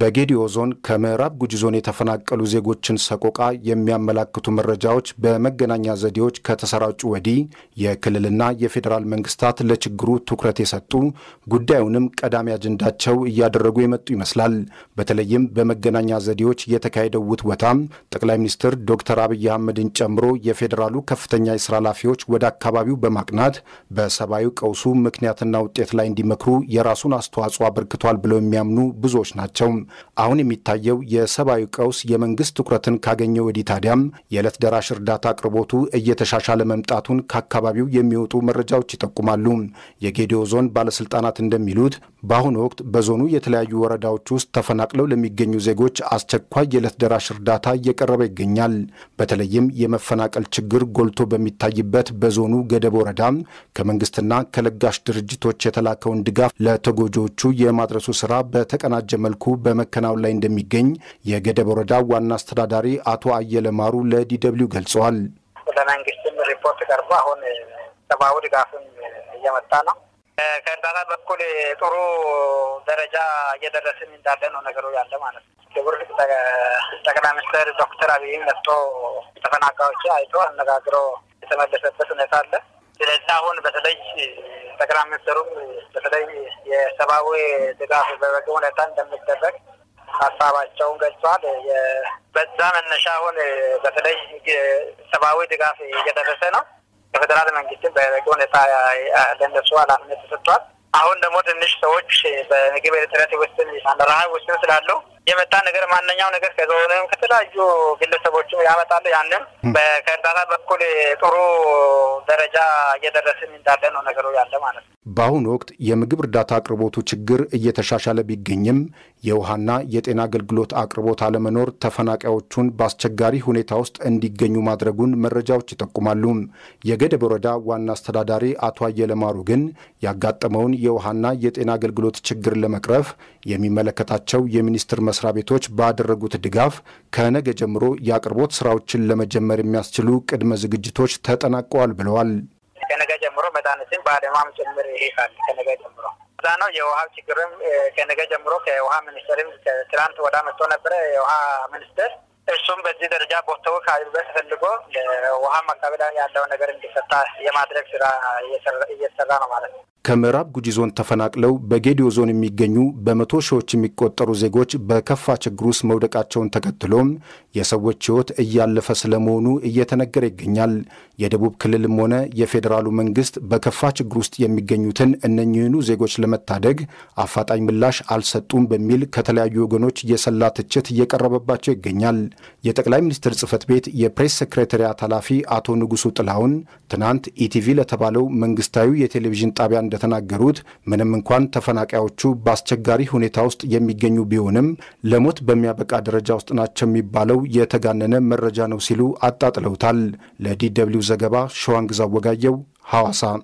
በጌዲዮ ዞን ከምዕራብ ጉጂ ዞን የተፈናቀሉ ዜጎችን ሰቆቃ የሚያመላክቱ መረጃዎች በመገናኛ ዘዴዎች ከተሰራጩ ወዲህ የክልልና የፌዴራል መንግስታት ለችግሩ ትኩረት የሰጡ ጉዳዩንም ቀዳሚ አጀንዳቸው እያደረጉ የመጡ ይመስላል። በተለይም በመገናኛ ዘዴዎች የተካሄደው ውትወታም ጠቅላይ ሚኒስትር ዶክተር አብይ አህመድን ጨምሮ የፌዴራሉ ከፍተኛ የስራ ኃላፊዎች ወደ አካባቢው በማቅናት በሰብአዊ ቀውሱ ምክንያትና ውጤት ላይ እንዲመክሩ የራሱን አስተዋጽኦ አበርክቷል ብለው የሚያምኑ ብዙዎች ናቸው። አሁን የሚታየው የሰብአዊ ቀውስ የመንግስት ትኩረትን ካገኘ ወዲህ ታዲያም የዕለት ደራሽ እርዳታ አቅርቦቱ እየተሻሻለ መምጣቱን ከአካባቢው የሚወጡ መረጃዎች ይጠቁማሉ። የጌዲዮ ዞን ባለስልጣናት እንደሚሉት በአሁኑ ወቅት በዞኑ የተለያዩ ወረዳዎች ውስጥ ተፈናቅለው ለሚገኙ ዜጎች አስቸኳይ የዕለት ደራሽ እርዳታ እየቀረበ ይገኛል። በተለይም የመፈናቀል ችግር ጎልቶ በሚታይበት በዞኑ ገደብ ወረዳ ከመንግስትና ከለጋሽ ድርጅቶች የተላከውን ድጋፍ ለተጎጂዎቹ የማድረሱ ስራ በተቀናጀ መልኩ በመከናወን ላይ እንደሚገኝ የገደብ ወረዳ ዋና አስተዳዳሪ አቶ አየለ ማሩ ለዲደብሊው ገልጸዋል። ለመንግስትም ሪፖርት ቀርቦ አሁን ሰብአዊ ድጋፍም እየመጣ ነው ከእርዳታ በኩል ጥሩ ደረጃ እየደረስን እንዳለ ነው ነገሩ ያለ ማለት ነው። ክቡር ጠቅላይ ሚኒስትር ዶክተር አብይም መጥቶ ተፈናቃዮች አይቶ አነጋግሮ የተመለሰበት ሁኔታ አለ። ስለዚህ አሁን በተለይ ጠቅላይ ሚኒስትሩም በተለይ የሰብአዊ ድጋፍ በበቂ ሁኔታ እንደሚደረግ ሀሳባቸውን ገልጿል። በዛ መነሻ አሁን በተለይ ሰብአዊ ድጋፍ እየደረሰ ነው። የፌዴራል መንግስትም በበቂ ሁኔታ ለእነሱ ኃላፊነት ተሰጥቷል። አሁን ደግሞ ትንሽ ሰዎች በምግብ እጥረት ውስጥ ረሀብ ውስጥ ስላሉ የመጣ ነገር ማንኛው ነገር ከዞንም ከተለያዩ ግለሰቦች ያመጣል። ያንን ከእርዳታ በኩል ጥሩ ደረጃ እየደረስን እንዳለ ነው ነገሩ ያለ ማለት ነው። በአሁኑ ወቅት የምግብ እርዳታ አቅርቦቱ ችግር እየተሻሻለ ቢገኝም የውሃና የጤና አገልግሎት አቅርቦት አለመኖር ተፈናቃዮቹን በአስቸጋሪ ሁኔታ ውስጥ እንዲገኙ ማድረጉን መረጃዎች ይጠቁማሉ። የገደብ ወረዳ ዋና አስተዳዳሪ አቶ አየለማሩ ግን ያጋጠመውን የውሃና የጤና አገልግሎት ችግር ለመቅረፍ የሚመለከታቸው የሚኒስቴር መስሪያ ቤቶች ባደረጉት ድጋፍ ከነገ ጀምሮ የአቅርቦት ስራዎችን ለመጀመር የሚያስችሉ ቅድመ ዝግጅቶች ተጠናቀዋል ብለዋል። ከነገ ጀምሮ መጣነትን በአደማም ጭምር ይሄዳል። ከነገ ጀምሮ እዛ ነው። የውሃው ችግርም ከነገ ጀምሮ ከውሃ ሚኒስቴርም ትናንት ወዳ መጥቶ ነበረ የውሃ ሚኒስቴር እሱም በዚህ ደረጃ ቦታው ከህዝብ ተፈልጎ ውሃ መቀበል ያለው ነገር እንዲፈታ የማድረግ ስራ እየሰራ ነው ማለት ነው። ከምዕራብ ጉጂ ዞን ተፈናቅለው በጌዲዮ ዞን የሚገኙ በመቶ ሺዎች የሚቆጠሩ ዜጎች በከፋ ችግር ውስጥ መውደቃቸውን ተከትሎም የሰዎች ሕይወት እያለፈ ስለመሆኑ እየተነገረ ይገኛል። የደቡብ ክልልም ሆነ የፌዴራሉ መንግስት በከፋ ችግር ውስጥ የሚገኙትን እነኚህኑ ዜጎች ለመታደግ አፋጣኝ ምላሽ አልሰጡም በሚል ከተለያዩ ወገኖች የሰላ ትችት እየቀረበባቸው ይገኛል። የጠቅላይ ሚኒስትር ጽህፈት ቤት የፕሬስ ሴክሬታሪያት ኃላፊ አቶ ንጉሱ ጥላሁን ትናንት ኢቲቪ ለተባለው መንግስታዊ የቴሌቪዥን ጣቢያ እንደተናገሩት ምንም እንኳን ተፈናቃዮቹ በአስቸጋሪ ሁኔታ ውስጥ የሚገኙ ቢሆንም ለሞት በሚያበቃ ደረጃ ውስጥ ናቸው የሚባለው የተጋነነ መረጃ ነው ሲሉ አጣጥለውታል። ለዲ ደብልዩ ዘገባ ሸዋንግዛ ወጋየው ሐዋሳ